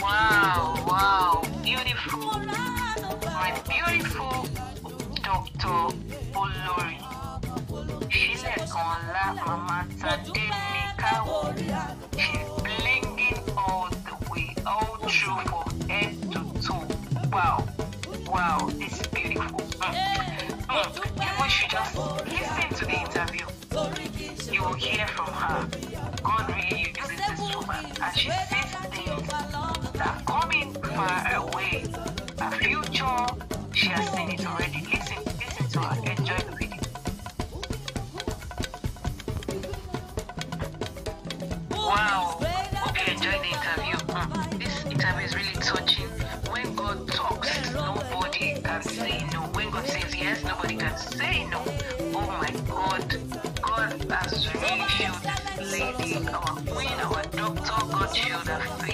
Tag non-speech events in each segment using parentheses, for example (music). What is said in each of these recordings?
Wow, wow, beautiful. My beautiful Dr. Olori. Shilekan La Mama Tade Nikawo. She's blinging all the way, all through for head to toe. Wow, wow, it's beautiful. Mm. Mm. Everyone she just listen to the interview will hear from her. God really uses this woman, and she sees things that coming far away. Her future, she has seen it already. Listen, listen to her. Enjoy the video. Wow. Hope you enjoyed the interview. Mm. This interview is really touching. When God talks, nobody can say no. When God says yes, nobody can say no. our queen, our doctor, God should have. faith.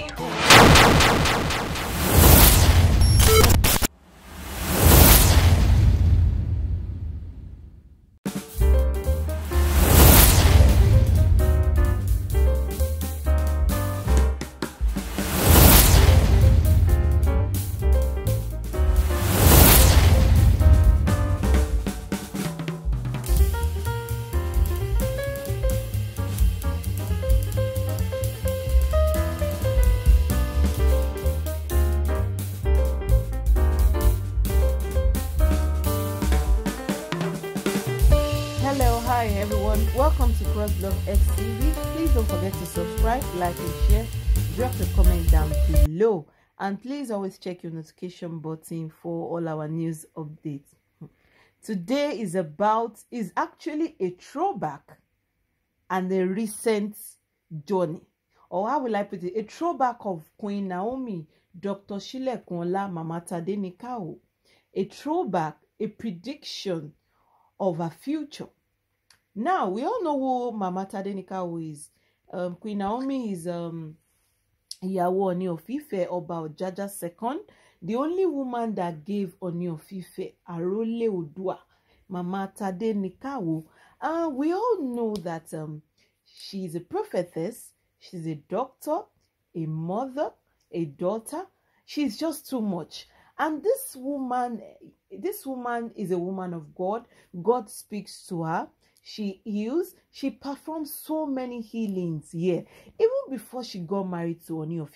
Hi everyone, welcome to Cross Love X TV. Please don't forget to subscribe, like and share. Drop a comment down below. And please always check your notification button for all our news updates. Today is about, is actually a throwback and a recent journey. Or how will I put it? A throwback of Queen Naomi, Dr. Shilekunla Mamata Denikao. A throwback, a prediction of her future now, we all know who Mama Tadenika is. Um, Queen Naomi is um, Yawo Oni of Ife, Oba Ojaja second. The only woman that gave Oni of Ife, Arole Odua, Mama Tadenika, Uh, we all know that um, she's a prophetess, she's a doctor, a mother, a daughter. She's just too much and this woman this woman is a woman of god god speaks to her she heals she performs so many healings here even before she got married to oni of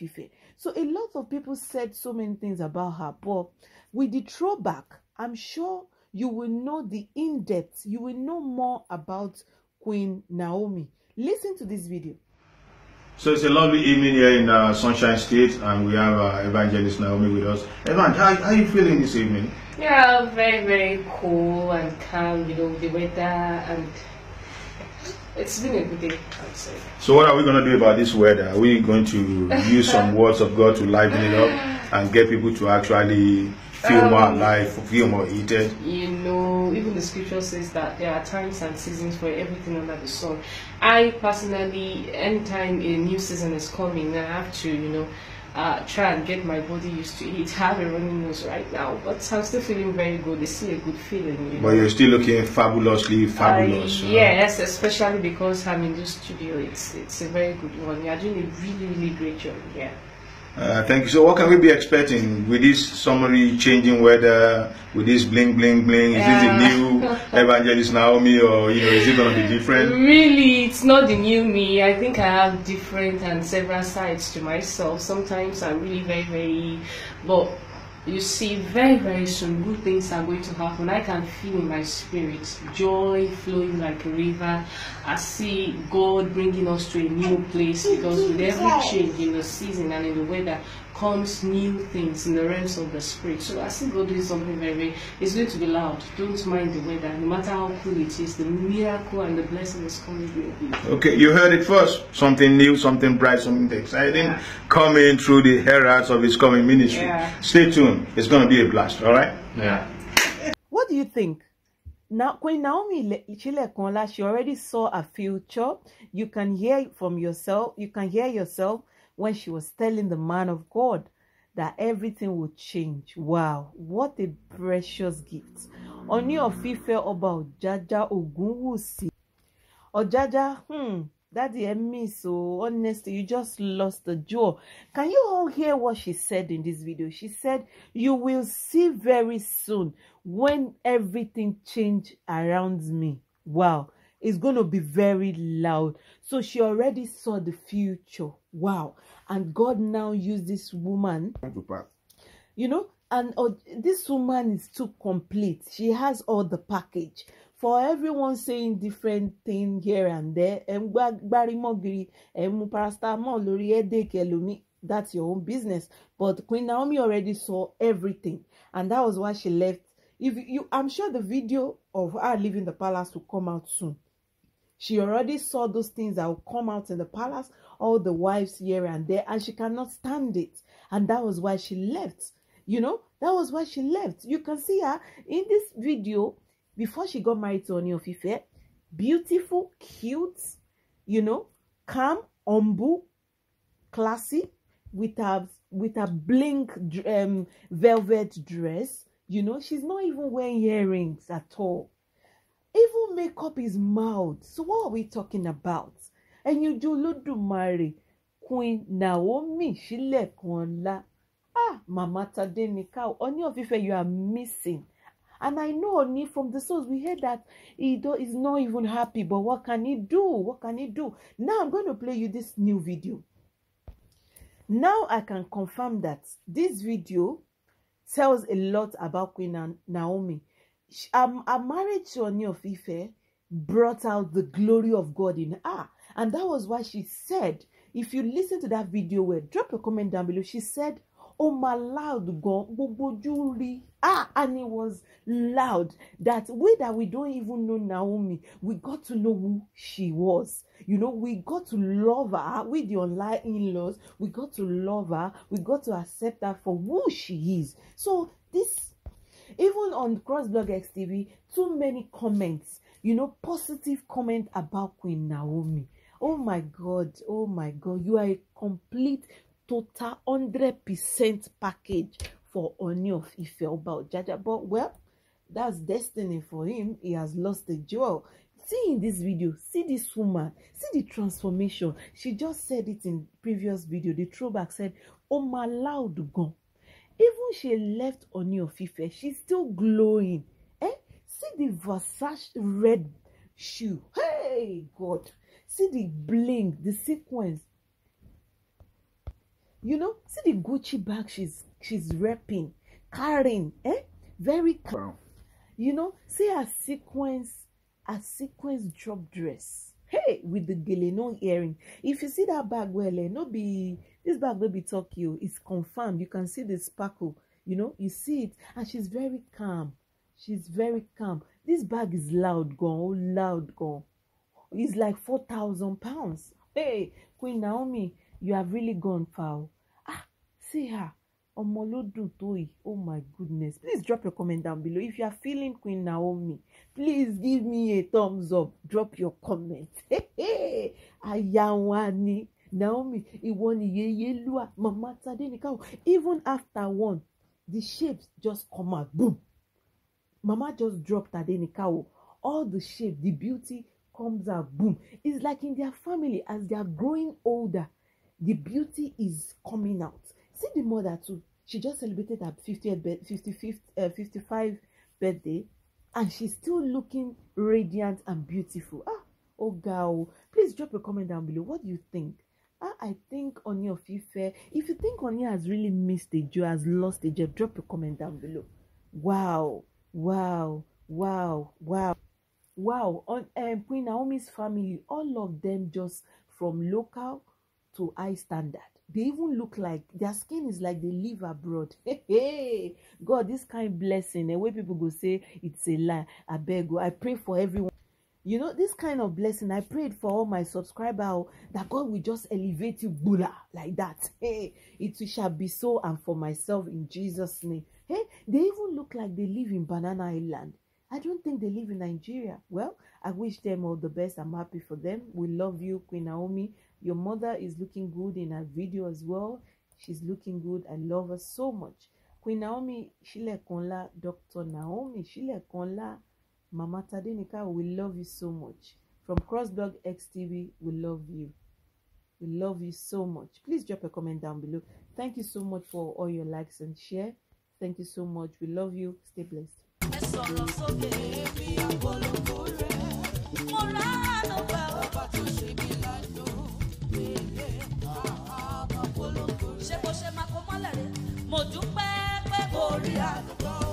so a lot of people said so many things about her but with the throwback i'm sure you will know the in-depth you will know more about queen naomi listen to this video so it's a lovely evening here in the uh, Sunshine State, and we have uh, Evangelist Naomi with us. Evan, how, how are you feeling this evening? Yeah, very, very cool and calm, you know, the weather, and it's been a good day, I'd say. So what are we going to do about this weather? Are we going to use some (laughs) words of God to liven it up and get people to actually feel um, more alive, feel more heated. You know, even the scripture says that there are times and seasons for everything under the sun. I personally, anytime a new season is coming, I have to, you know, uh, try and get my body used to it. (laughs) I have a running nose right now, but I'm still feeling very good. It's still a good feeling. You know? But you're still looking fabulously fabulous. Uh, yes, especially because I'm in the studio. It's it's a very good one. You're doing a really really great job. Yeah. Uh, thank you. So, what can we be expecting with this summary changing weather? With this bling bling bling, is yeah. this the new (laughs) evangelist Naomi, or you know, is it going to be different? Really, it's not the new me. I think I have different and several sides to myself. Sometimes I'm really very very, but you see very very soon good things are going to happen i can feel in my spirit joy flowing like a river i see god bringing us to a new place because with every change in the season and in the weather becomes new things in the realms of the spirit. So I see God doing something very, it's going to be loud. Don't mind the weather, no matter how cool it is, the miracle and the blessing is coming your Okay, you heard it first. Something new, something bright, something exciting yeah. coming through the heralds of his coming ministry. Yeah. Stay tuned. It's going to be a blast, all right? Yeah. What do you think? Now, Queen Naomi Kola, she already saw a future. You can hear from yourself. You can hear yourself when she was telling the man of God that everything would change. Wow, what a precious gift. Oni of about Oba Ojaja Ogunwusi. Ojaja, hmm, Daddy and me, so honestly, you just lost the jaw. Can you all hear what she said in this video? She said, you will see very soon when everything change around me. Wow is going to be very loud. So she already saw the future. Wow. And God now used this woman. You know, and uh, this woman is too complete. She has all the package. For everyone saying different thing here and there, that's your own business. But Queen Naomi already saw everything. And that was why she left if you i'm sure the video of her leaving the palace will come out soon she already saw those things that will come out in the palace, all the wives here and there, and she cannot stand it. And that was why she left. You know, that was why she left. You can see her in this video before she got married to Onyofi Beautiful, cute, you know, calm, humble, classy, with a with a blink um, velvet dress. You know, she's not even wearing earrings at all. even make up his mouth. So what are we talking about? Ẹ̀yin ojú Olódùmarè Queen Naomi Ṣílẹ̀kùn Ọlá. Ah, Mama Tademika, Ooni of Ife, you are missing. And I know Ooni from the source. We hear that he is not even happy, but what can he do? What can he do? Now I'm going to play you this new video. Now I can confirm that this video tells a lot about Queen Naomi. um, a marriage to Oni of brought out the glory of God in her. And that was why she said, if you listen to that video well, drop a comment down below. She said, oh my loud God, Bobojuri. Ah, and it was loud that way that we don't even know Naomi, we got to know who she was. You know, we got to love her with the online in-laws. We got to love her. We got to accept her for who she is. So this even on crossblog xtv too many comments you know positive comment about queen naomi oh my god oh my god you are a complete total hundred percent package for Oni of Ife Oba Ojaja but well that's destiny for him he has lost the jewel see in this video see this woman see the transformation she just said it in previous video the throwback said ó máa loud gan Even she left Oni of Ife, she's still glowing. Eh? See the Versace red shoe. Hey, God. See the bling, the sequence. You know, see the Gucci bag she's she's wrapping, carrying, eh? Very calm. You know, see her sequence, her sequence drop dress. Hey, with the gele, earring. If you see that bag well, eh, no be This bag no be Tokyo. Oh. It's confirmed. You can see the sparkle. You know, you see it. And she's very calm. She's very calm. This bag is loud gone. Oh, loud gone. It's like four thousand pounds. Hey, Queen Naomi, you have really gone far. Oh. Ah, see her. Omolodun oh my goodness. Please drop your comment down below. If you are feeling Queen Naomi, please give me a thumbs up. Drop your comment. (laughs) Hey, hey. Ayawani. Naomi ìwọ ni Yeyelua mama Tade nìkan even after one the shapes just come out boom mama just drop Tade nìkan all the shape the beauty comes out boom it's like in their family as they are growing older the beauty is coming out see the mother too she just celebrated her 50th 55th uh, birthday and she's still looking radiant and beautiful ah oga oh please drop a comment down below what do you think Ah, I think Oni of Ife. If you think Oni has really missed a job, has lost a job, drop a comment down below. Wow, wow, wow, wow, wow. On um, Queen Naomi's family, all of them just from local to high standard. They even look like their skin is like they live abroad. (laughs) Hey, hey. God, this kind of blessing, and eh, where people go say it's a lie. I beg oh, I pray for everyone. You know, this kind of blessing, I prayed for all my subscriber oh, that God will just elevate you, bula, like that. Hey, it shall be so and for myself in Jesus' name. Hey, they even look like they live in Banana Island. I don't think they live in Nigeria. Well, I wish them all the best. I'm happy for them. We love you, Queen Naomi. Your mother is looking good in her video as well. She's looking good. I love her so much. Queen Naomi konla, Dr. Naomi konla. Mama Tadenika, we love you so much. From Crossblog XTV, we love you. We love you so much. Please drop a comment down below. Thank you so much for all your likes and share. Thank you so much. We love you. Stay blessed. mo dúpẹ́ pé kò rí àdúgbò.